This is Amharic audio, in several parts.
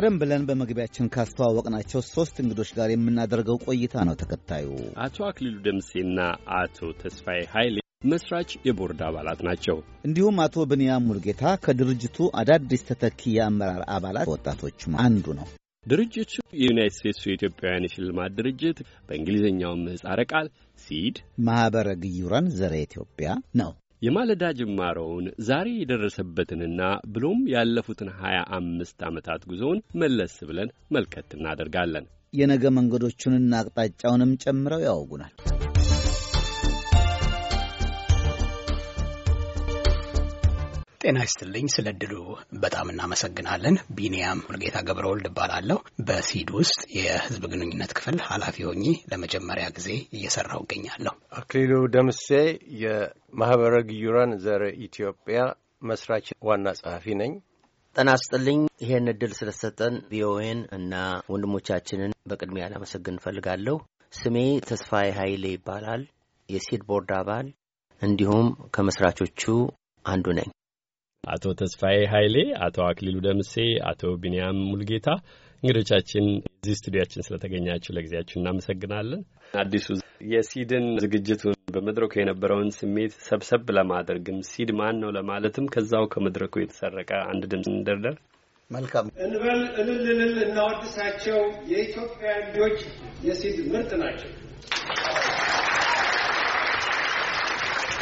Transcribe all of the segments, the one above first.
ቀደም ብለን በመግቢያችን ካስተዋወቅናቸው ሶስት እንግዶች ጋር የምናደርገው ቆይታ ነው ተከታዩ። አቶ አክሊሉ ደምሴና አቶ ተስፋዬ ኃይሌ መስራች የቦርድ አባላት ናቸው። እንዲሁም አቶ ብንያም ሙልጌታ ከድርጅቱ አዳዲስ ተተኪ የአመራር አባላት ወጣቶች አንዱ ነው። ድርጅቱ የዩናይት ስቴትሱ የኢትዮጵያውያን የሽልማት ድርጅት በእንግሊዝኛው ምህጻረ ቃል ሲድ ማኅበረ ግዩራን ዘረ ኢትዮጵያ ነው። የማለዳ ጅማሮውን ዛሬ የደረሰበትንና ብሎም ያለፉትን ሀያ አምስት ዓመታት ጉዞውን መለስ ብለን መልከት እናደርጋለን። የነገ መንገዶቹንና አቅጣጫውንም ጨምረው ያወጉናል። ጤና ይስጥልኝ። ስለ እድሉ በጣም እናመሰግናለን። ቢኒያም ሙልጌታ ወልድ እባላለሁ። በሲድ ውስጥ የህዝብ ግንኙነት ክፍል ኃላፊ ሆኜ ለመጀመሪያ ጊዜ እየሰራሁ እገኛለሁ። አክሊሉ ደምሴ የማህበረ ግዩራን ዘረ ኢትዮጵያ መስራች ዋና ጸሐፊ ነኝ። ጤና ይስጥልኝ። ይሄን እድል ስለሰጠን ቪኦኤን እና ወንድሞቻችንን በቅድሚያ ላመሰግን እንፈልጋለሁ። ስሜ ተስፋዬ ኃይሌ ይባላል። የሲድ ቦርድ አባል እንዲሁም ከመስራቾቹ አንዱ ነኝ። አቶ ተስፋዬ ኃይሌ፣ አቶ አክሊሉ ደምሴ፣ አቶ ቢንያም ሙልጌታ እንግዶቻችን እዚህ ስቱዲያችን ስለተገኛችሁ ለጊዜያችሁ እናመሰግናለን። አዲሱ የሲድን ዝግጅቱን በመድረኩ የነበረውን ስሜት ሰብሰብ ለማድረግም ሲድ ማን ነው ለማለትም ከዛው ከመድረኩ የተሰረቀ አንድ ድምፅ እንደርደር። መልካም እንበል፣ እልልልል፣ እናወድሳቸው። የኢትዮጵያ እንዲዎች የሲድ ምርጥ ናቸው።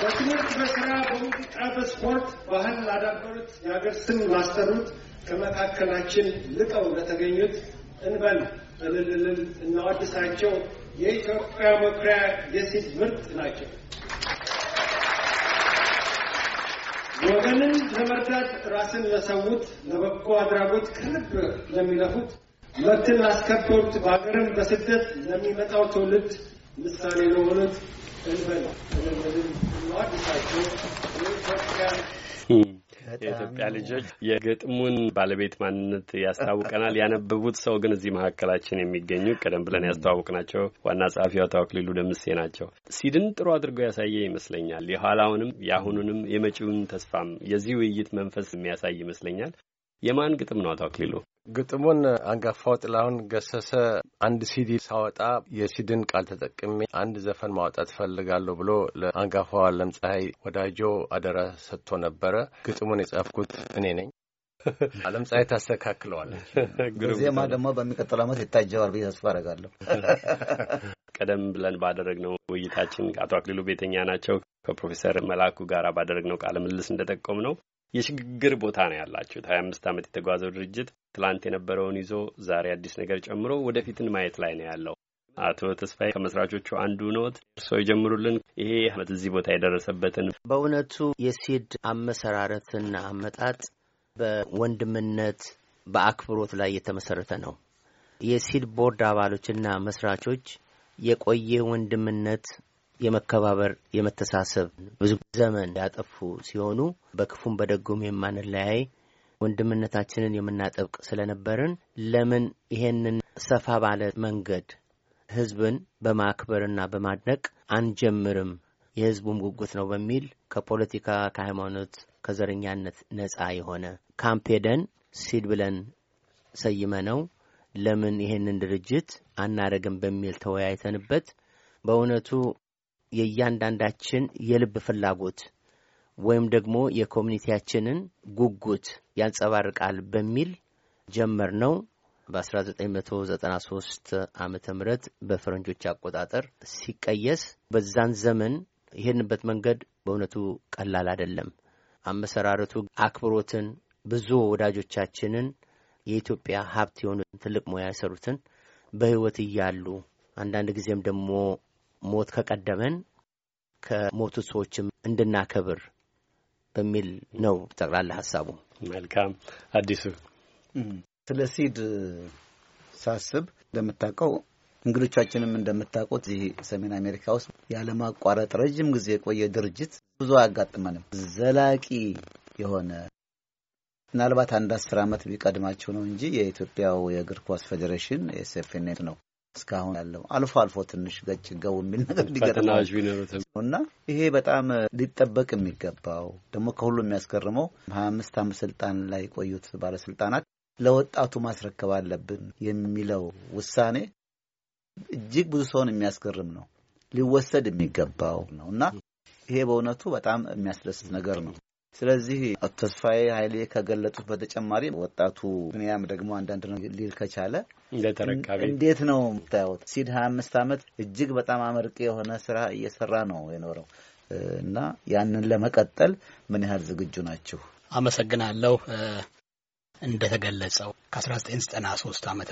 በትምህርት፣ በስራ፣ በሙዚቃ፣ በስፖርት ባህል ላዳበሩት የሀገር ስም ላስጠሩት ከመካከላችን ልቀው ለተገኙት እንበል እልልልል እናወድሳቸው። የኢትዮጵያ መኩሪያ የሴት ምርጥ ናቸው። ወገንን ለመርዳት ራስን ለሰዉት ለበጎ አድራጎት ከልብ ለሚለፉት መብትን ላስከበሩት በሀገርም በስደት ለሚመጣው ትውልድ ምሳሌ ለሆኑት እንበል እልልልል የኢትዮጵያ ልጆች የግጥሙን ባለቤት ማንነት ያስታውቀናል። ያነበቡት ሰው ግን እዚህ መካከላችን የሚገኙ ቀደም ብለን ያስተዋወቅናቸው ዋና ጸሐፊ አቶ አክሊሉ ደምሴ ናቸው። ሲድን ጥሩ አድርጎ ያሳየ ይመስለኛል። የኋላውንም የአሁኑንም የመጪውን ተስፋም የዚህ ውይይት መንፈስ የሚያሳይ ይመስለኛል። የማን ግጥም ነው አቶ አክሊሉ? ግጥሙን አንጋፋው ጥላሁን ገሰሰ አንድ ሲዲ ሳወጣ የሲድን ቃል ተጠቅሜ አንድ ዘፈን ማውጣት ፈልጋለሁ ብሎ ለአንጋፋው አለም ፀሐይ ወዳጆ አደራ ሰጥቶ ነበረ። ግጥሙን የጻፍኩት እኔ ነኝ። አለም ፀሐይ ታስተካክለዋለች። ዜማ ደግሞ በሚቀጥለው ዓመት ይታጀዋል ብዬ ተስፋ አደርጋለሁ። ቀደም ብለን ባደረግነው ውይይታችን አቶ አክሊሉ ቤተኛ ናቸው። ከፕሮፌሰር መላኩ ጋር ባደረግነው ቃለ ምልልስ እንደጠቆም ነው የሽግግር ቦታ ነው ያላችሁት። ሀያ አምስት ዓመት የተጓዘው ድርጅት ትላንት የነበረውን ይዞ ዛሬ አዲስ ነገር ጨምሮ ወደፊትን ማየት ላይ ነው ያለው። አቶ ተስፋዬ ከመስራቾቹ አንዱ ኖት፣ እርስዎ ይጀምሩልን። ይሄ አመት እዚህ ቦታ የደረሰበትን በእውነቱ የሲድ አመሰራረትና አመጣጥ በወንድምነት በአክብሮት ላይ የተመሰረተ ነው። የሲድ ቦርድ አባሎችና መስራቾች የቆየ ወንድምነት የመከባበር የመተሳሰብ ብዙ ዘመን ያጠፉ ሲሆኑ በክፉም በደጉም የማንለያይ ወንድምነታችንን የምናጠብቅ ስለነበርን ለምን ይሄንን ሰፋ ባለ መንገድ ህዝብን በማክበርና በማድነቅ አንጀምርም? የህዝቡም ጉጉት ነው በሚል ከፖለቲካ፣ ከሃይማኖት፣ ከዘረኛነት ነጻ የሆነ ካምፔደን ሲድ ብለን ሰይመ ነው ለምን ይሄንን ድርጅት አናረግም በሚል ተወያይተንበት በእውነቱ የእያንዳንዳችን የልብ ፍላጎት ወይም ደግሞ የኮሚኒቲያችንን ጉጉት ያንጸባርቃል በሚል ጀመር ነው። በ1993 ዓመተ ምህረት በፈረንጆች አቆጣጠር ሲቀየስ በዛን ዘመን ይሄንበት መንገድ በእውነቱ ቀላል አይደለም። አመሰራረቱ አክብሮትን፣ ብዙ ወዳጆቻችንን የኢትዮጵያ ሀብት የሆኑ ትልቅ ሙያ የሰሩትን በህይወት እያሉ አንዳንድ ጊዜም ደግሞ ሞት ከቀደመን ከሞቱ ሰዎችም እንድናከብር በሚል ነው ጠቅላላ ሀሳቡ። መልካም አዲሱ ስለ ሲድ ሳስብ እንደምታውቀው እንግዶቻችንም እንደምታውቁት እዚህ ሰሜን አሜሪካ ውስጥ ያለማቋረጥ ረዥም ጊዜ የቆየ ድርጅት ብዙ አያጋጥመንም። ዘላቂ የሆነ ምናልባት አንድ አስር ዓመት ቢቀድማቸው ነው እንጂ የኢትዮጵያው የእግር ኳስ ፌዴሬሽን ኤስኤፍኔት ነው እስካሁን ያለው አልፎ አልፎ ትንሽ ገጭ ገው የሚል ነገር ሊገርናሽ ቢኖሩትም እና ይሄ በጣም ሊጠበቅ የሚገባው ደግሞ ከሁሉ የሚያስገርመው ሀያ አምስት ስልጣን ላይ የቆዩት ባለስልጣናት ለወጣቱ ማስረከብ አለብን የሚለው ውሳኔ እጅግ ብዙ ሰውን የሚያስገርም ነው። ሊወሰድ የሚገባው ነው እና ይሄ በእውነቱ በጣም የሚያስደስት ነገር ነው። ስለዚህ ተስፋዬ ኃይሌ ከገለጡት በተጨማሪ ወጣቱ ምንያም ደግሞ አንዳንድ ነው ሊል ከቻለ እንዴት ነው የምታዩት? ሲድ ሀያ አምስት ዓመት እጅግ በጣም አመርቂ የሆነ ስራ እየሰራ ነው የኖረው እና ያንን ለመቀጠል ምን ያህል ዝግጁ ናችሁ? አመሰግናለሁ። እንደተገለጸው ከ1993 ዓ ም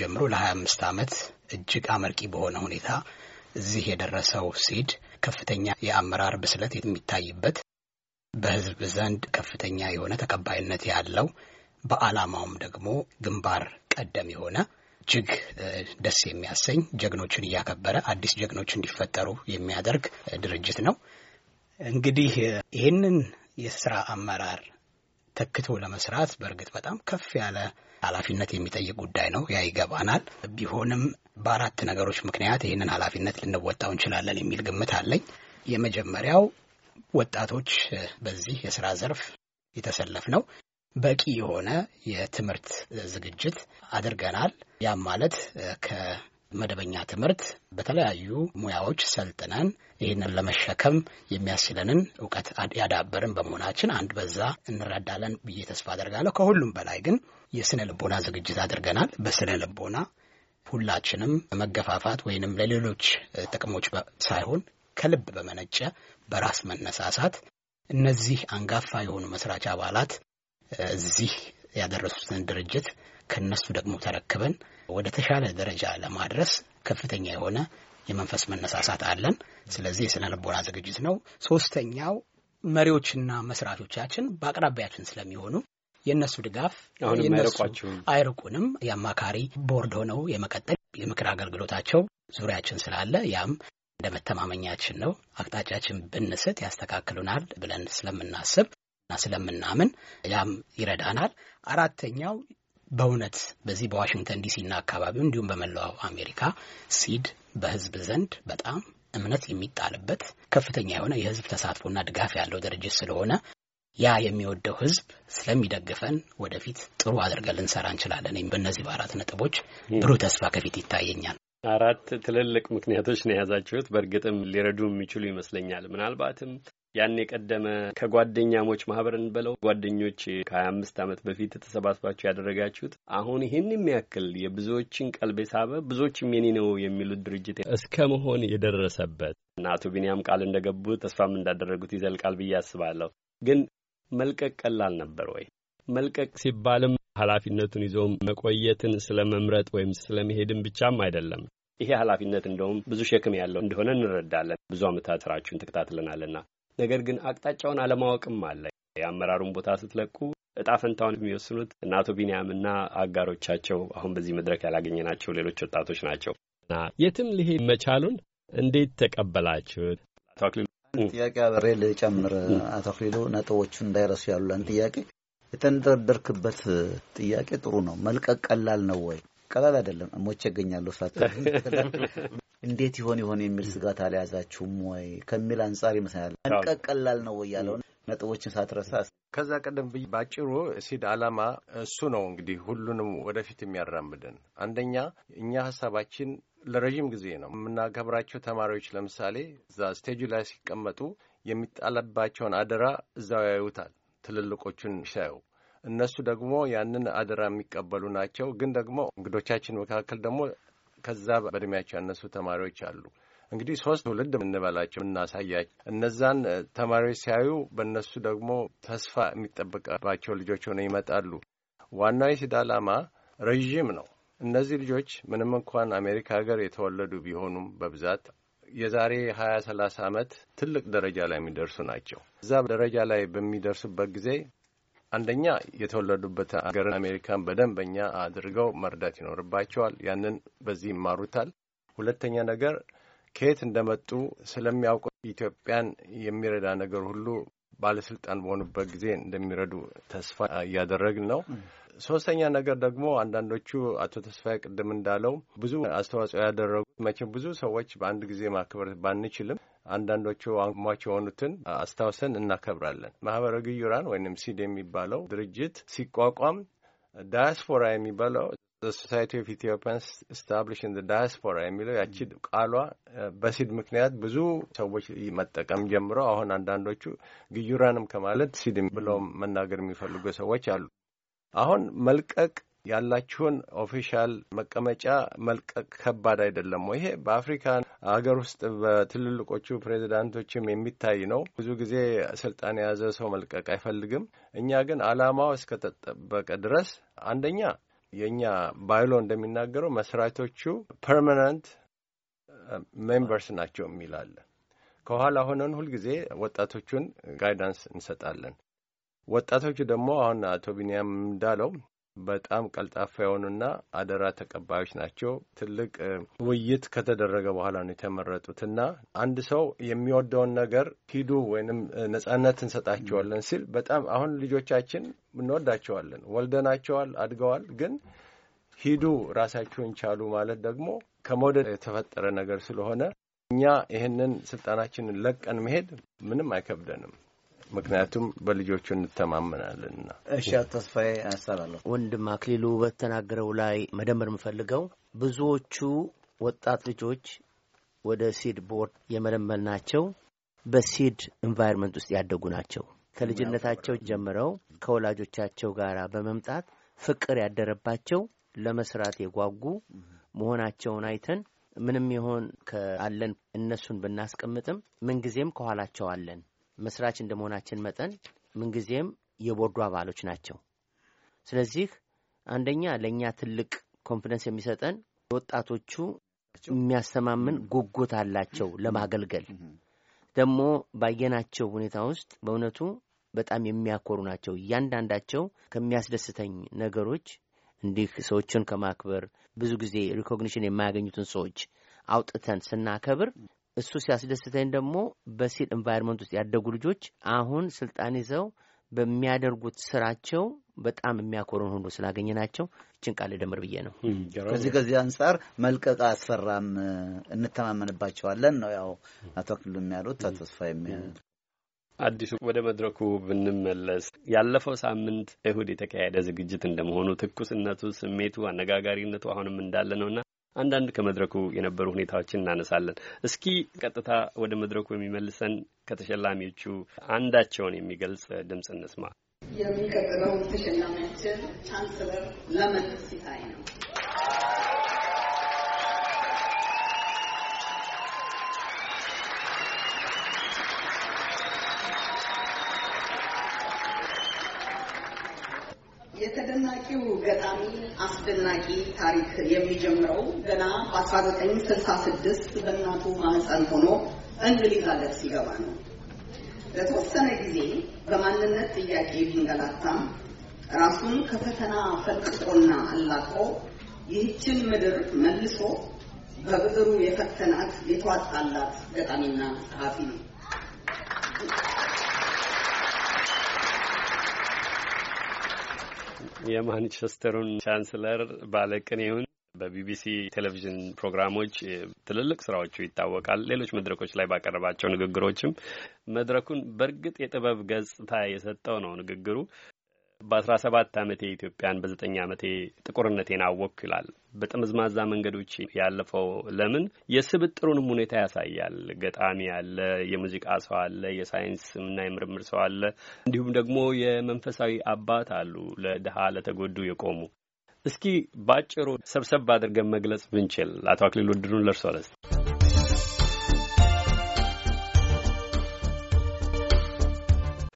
ጀምሮ ለ25 ዓመት እጅግ አመርቂ በሆነ ሁኔታ እዚህ የደረሰው ሲድ ከፍተኛ የአመራር ብስለት የሚታይበት በህዝብ ዘንድ ከፍተኛ የሆነ ተቀባይነት ያለው በዓላማውም ደግሞ ግንባር ቀደም የሆነ እጅግ ደስ የሚያሰኝ ጀግኖችን እያከበረ አዲስ ጀግኖች እንዲፈጠሩ የሚያደርግ ድርጅት ነው። እንግዲህ ይህንን የስራ አመራር ተክቶ ለመስራት በእርግጥ በጣም ከፍ ያለ ኃላፊነት የሚጠይቅ ጉዳይ ነው። ያ ይገባናል። ቢሆንም በአራት ነገሮች ምክንያት ይህንን ኃላፊነት ልንወጣው እንችላለን የሚል ግምት አለኝ። የመጀመሪያው ወጣቶች በዚህ የስራ ዘርፍ የተሰለፍ ነው በቂ የሆነ የትምህርት ዝግጅት አድርገናል። ያም ማለት ከመደበኛ ትምህርት በተለያዩ ሙያዎች ሰልጥነን ይህንን ለመሸከም የሚያስችለንን እውቀት ያዳበርን በመሆናችን አንድ በዛ እንረዳለን ብዬ ተስፋ አደርጋለሁ። ከሁሉም በላይ ግን የስነ ልቦና ዝግጅት አድርገናል። በስነ ልቦና ሁላችንም መገፋፋት ወይንም ለሌሎች ጥቅሞች ሳይሆን ከልብ በመነጨ በራስ መነሳሳት እነዚህ አንጋፋ የሆኑ መስራች አባላት እዚህ ያደረሱትን ድርጅት ከነሱ ደግሞ ተረክበን ወደ ተሻለ ደረጃ ለማድረስ ከፍተኛ የሆነ የመንፈስ መነሳሳት አለን። ስለዚህ የስነ ልቦና ዝግጅት ነው። ሶስተኛው መሪዎችና መስራቾቻችን በአቅራቢያችን ስለሚሆኑ የእነሱ ድጋፍ አይርቁንም። የአማካሪ ቦርድ ሆነው የመቀጠል የምክር አገልግሎታቸው ዙሪያችን ስላለ ያም እንደ መተማመኛችን ነው። አቅጣጫችን ብንስት ያስተካክሉናል ብለን ስለምናስብ እና ስለምናምን ያም ይረዳናል። አራተኛው በእውነት በዚህ በዋሽንግተን ዲሲና አካባቢው እንዲሁም በመላው አሜሪካ ሲድ በህዝብ ዘንድ በጣም እምነት የሚጣልበት ከፍተኛ የሆነ የህዝብ ተሳትፎና ድጋፍ ያለው ድርጅት ስለሆነ ያ የሚወደው ህዝብ ስለሚደግፈን ወደፊት ጥሩ አድርገን ልንሰራ እንችላለን። በእነዚህ በአራት ነጥቦች ብሩህ ተስፋ ከፊት ይታየኛል። አራት ትልልቅ ምክንያቶች ነው የያዛችሁት። በእርግጥም ሊረዱ የሚችሉ ይመስለኛል። ምናልባትም ያን የቀደመ ከጓደኛሞች ማህበር እንበለው ጓደኞች ከሀያ አምስት ዓመት በፊት ተሰባስባችሁ ያደረጋችሁት አሁን ይህን የሚያክል የብዙዎችን ቀልብ የሳበ ብዙዎችም የኔ ነው የሚሉት ድርጅት እስከ መሆን የደረሰበት እና አቶ ቢንያም ቃል እንደገቡት ተስፋም እንዳደረጉት ይዘልቃል ብዬ አስባለሁ። ግን መልቀቅ ቀላል ነበር ወይ? መልቀቅ ሲባልም ኃላፊነቱን ይዞ መቆየትን ስለ መምረጥ ወይም ስለ መሄድን ብቻም አይደለም። ይሄ ኃላፊነት እንደውም ብዙ ሸክም ያለው እንደሆነ እንረዳለን። ብዙ ዓመታት ስራችሁን ተከታትለናልና፣ ነገር ግን አቅጣጫውን አለማወቅም አለ። የአመራሩን ቦታ ስትለቁ እጣ ፈንታውን የሚወስኑት እና አቶ ቢንያምና አጋሮቻቸው አሁን በዚህ መድረክ ያላገኘናቸው ሌሎች ወጣቶች ናቸው እና የትም ልሄ መቻሉን እንዴት ተቀበላችሁት? አቶ አክሊሉ ጥያቄ አበሬ ልጨምር። አቶ አክሊሉ ነጥቦቹን እንዳይረሱ ያሉለን ጥያቄ የተንደረደርክበት ጥያቄ ጥሩ ነው። መልቀቅ ቀላል ነው ወይ? ቀላል አይደለም። ሞቼ እገኛለሁ ሳት እንዴት ይሆን ይሆን የሚል ስጋት አልያዛችሁም ወይ ከሚል አንጻር ይመስላል። መልቀቅ ቀላል ነው ወይ ያለውን ነጥቦችን ሳትረሳ ከዛ ቀደም ብዬ ባጭሩ ሲድ አላማ እሱ ነው እንግዲህ ሁሉንም ወደፊት የሚያራምድን አንደኛ እኛ ሀሳባችን ለረዥም ጊዜ ነው የምናከብራቸው ተማሪዎች ለምሳሌ እዛ ስቴጁ ላይ ሲቀመጡ የሚጣለባቸውን አደራ እዛው ያዩታል። ትልልቆቹን ሳዩ እነሱ ደግሞ ያንን አደራ የሚቀበሉ ናቸው። ግን ደግሞ እንግዶቻችን መካከል ደግሞ ከዛ በእድሜያቸው ያነሱ ተማሪዎች አሉ። እንግዲህ ሶስት ትውልድ የምንበላቸው የምናሳያቸው እነዛን ተማሪዎች ሲያዩ በእነሱ ደግሞ ተስፋ የሚጠበቅባቸው ልጆች ሆነው ይመጣሉ። ዋናው የሲድ ዓላማ ረዥም ነው። እነዚህ ልጆች ምንም እንኳን አሜሪካ ሀገር የተወለዱ ቢሆኑም በብዛት የዛሬ ሀያ ሰላሳ ዓመት ትልቅ ደረጃ ላይ የሚደርሱ ናቸው። እዛ ደረጃ ላይ በሚደርሱበት ጊዜ አንደኛ የተወለዱበት ሀገር አሜሪካን በደንበኛ አድርገው መርዳት ይኖርባቸዋል። ያንን በዚህ ይማሩታል። ሁለተኛ ነገር ከየት እንደመጡ ስለሚያውቁ ኢትዮጵያን የሚረዳ ነገር ሁሉ ባለስልጣን በሆኑበት ጊዜ እንደሚረዱ ተስፋ እያደረግን ነው። ሶስተኛ ነገር ደግሞ አንዳንዶቹ አቶ ተስፋዬ ቅድም እንዳለው ብዙ አስተዋጽኦ ያደረጉ መቼም ብዙ ሰዎች በአንድ ጊዜ ማክበር ባንችልም አንዳንዶቹ ሟች የሆኑትን አስታውሰን እናከብራለን። ማህበረ ግዩራን ወይም ሲድ የሚባለው ድርጅት ሲቋቋም ዳያስፖራ የሚባለው ሶሳይቲ ኦፍ ኢትዮጵያንስ ስታብሊሽን ዳያስፖራ የሚለው ያቺ ቃሏ በሲድ ምክንያት ብዙ ሰዎች መጠቀም ጀምሮ አሁን አንዳንዶቹ ግዩራንም ከማለት ሲድ ብለው መናገር የሚፈልጉ ሰዎች አሉ። አሁን መልቀቅ ያላችሁን ኦፊሻል መቀመጫ መልቀቅ ከባድ አይደለም ይሄ በአፍሪካ ሀገር ውስጥ በትልልቆቹ ፕሬዚዳንቶችም የሚታይ ነው። ብዙ ጊዜ ስልጣን የያዘ ሰው መልቀቅ አይፈልግም። እኛ ግን አላማው እስከተጠበቀ ድረስ አንደኛ የእኛ ባይሎ እንደሚናገረው መስራቾቹ ፐርማነንት ሜምበርስ ናቸው የሚላለን። ከኋላ ሆነን ሁልጊዜ ወጣቶቹን ጋይዳንስ እንሰጣለን። ወጣቶቹ ደግሞ አሁን አቶ ቢንያም እንዳለው በጣም ቀልጣፋ የሆኑና አደራ ተቀባዮች ናቸው። ትልቅ ውይይት ከተደረገ በኋላ ነው የተመረጡት እና አንድ ሰው የሚወደውን ነገር ሂዱ ወይንም ነጻነት እንሰጣቸዋለን ሲል በጣም አሁን ልጆቻችን እንወዳቸዋለን፣ ወልደናቸዋል፣ አድገዋል። ግን ሂዱ ራሳችሁን ቻሉ ማለት ደግሞ ከመውደድ የተፈጠረ ነገር ስለሆነ እኛ ይህንን ስልጣናችንን ለቀን መሄድ ምንም አይከብደንም። ምክንያቱም በልጆቹ እንተማመናለንና። እሺ፣ አቶ ተስፋዬ አሰባለሁ። ወንድም አክሊሉ በተናገረው ላይ መደመር የምፈልገው ብዙዎቹ ወጣት ልጆች ወደ ሲድ ቦርድ የመለመል ናቸው በሲድ ኢንቫይርመንት ውስጥ ያደጉ ናቸው። ከልጅነታቸው ጀምረው ከወላጆቻቸው ጋር በመምጣት ፍቅር ያደረባቸው ለመስራት የጓጉ መሆናቸውን አይተን ምንም ይሆን ከአለን እነሱን ብናስቀምጥም ምንጊዜም ከኋላቸው አለን። መስራች እንደመሆናችን መጠን ምንጊዜም የቦርዱ አባሎች ናቸው። ስለዚህ አንደኛ ለእኛ ትልቅ ኮንፊደንስ የሚሰጠን ወጣቶቹ የሚያሰማምን ጉጉት አላቸው ለማገልገል። ደግሞ ባየናቸው ሁኔታ ውስጥ በእውነቱ በጣም የሚያኮሩ ናቸው። እያንዳንዳቸው ከሚያስደስተኝ ነገሮች እንዲህ ሰዎችን ከማክበር ብዙ ጊዜ ሪኮግኒሽን የማያገኙትን ሰዎች አውጥተን ስናከብር እሱ ሲያስደስተኝ ደግሞ በሲል ኤንቫይሮንመንት ውስጥ ያደጉ ልጆች አሁን ስልጣን ይዘው በሚያደርጉት ስራቸው በጣም የሚያኮሩን ሁሉ ስላገኘ ናቸው። ይችን ቃል ደምር ብዬ ነው። ከዚህ ከዚህ አንጻር መልቀቅ አስፈራም፣ እንተማመንባቸዋለን ነው ያው አቶ ክሉ የሚያሉት አቶ ተስፋ የሚያሉት። አዲሱ ወደ መድረኩ ብንመለስ ያለፈው ሳምንት እሁድ የተካሄደ ዝግጅት እንደመሆኑ ትኩስነቱ፣ ስሜቱ፣ አነጋጋሪነቱ አሁንም እንዳለ ነውና አንዳንድ ከመድረኩ የነበሩ ሁኔታዎችን እናነሳለን። እስኪ ቀጥታ ወደ መድረኩ የሚመልሰን ከተሸላሚዎቹ አንዳቸውን የሚገልጽ ድምፅ እንስማ። የሚቀጥለው ተሸላሚያችን ቻንስለር ለመን ሲታይ ነው። የተደናቂው ገጣሚ አስደናቂ ታሪክ የሚጀምረው ገና በ ስድስት በእናቱ ማህፀን ሆኖ እንግሊዝ አገር ሲገባ ነው። ለተወሰነ ጊዜ በማንነት ጥያቄ ቢንገላታም ራሱን ከፈተና ፈልቅቆና አላቆ ይህችን ምድር መልሶ በብዕሩ የፈተናት የተዋጣላት ገጣሚና ጸሐፊ ነው። የማንቸስተሩን ቻንስለር ባለቅኔውን በቢቢሲ ቴሌቪዥን ፕሮግራሞች ትልልቅ ስራዎቹ ይታወቃል። ሌሎች መድረኮች ላይ ባቀረባቸው ንግግሮችም መድረኩን በእርግጥ የጥበብ ገጽታ የሰጠው ነው ንግግሩ። በአስራ ሰባት ዓመቴ ኢትዮጵያን በዘጠኝ ዓመቴ ጥቁርነቴን አወቅኩ ይላል። በጠመዝማዛ መንገዶች ያለፈው ለምን የስብጥሩንም ሁኔታ ያሳያል። ገጣሚ አለ፣ የሙዚቃ ሰው አለ፣ የሳይንስና የምርምር ሰው አለ፣ እንዲሁም ደግሞ የመንፈሳዊ አባት አሉ፣ ለድሀ ለተጎዱ የቆሙ። እስኪ ባጭሩ ሰብሰብ አድርገን መግለጽ ብንችል፣ አቶ አክሊሉ ድሩን ለእርሶ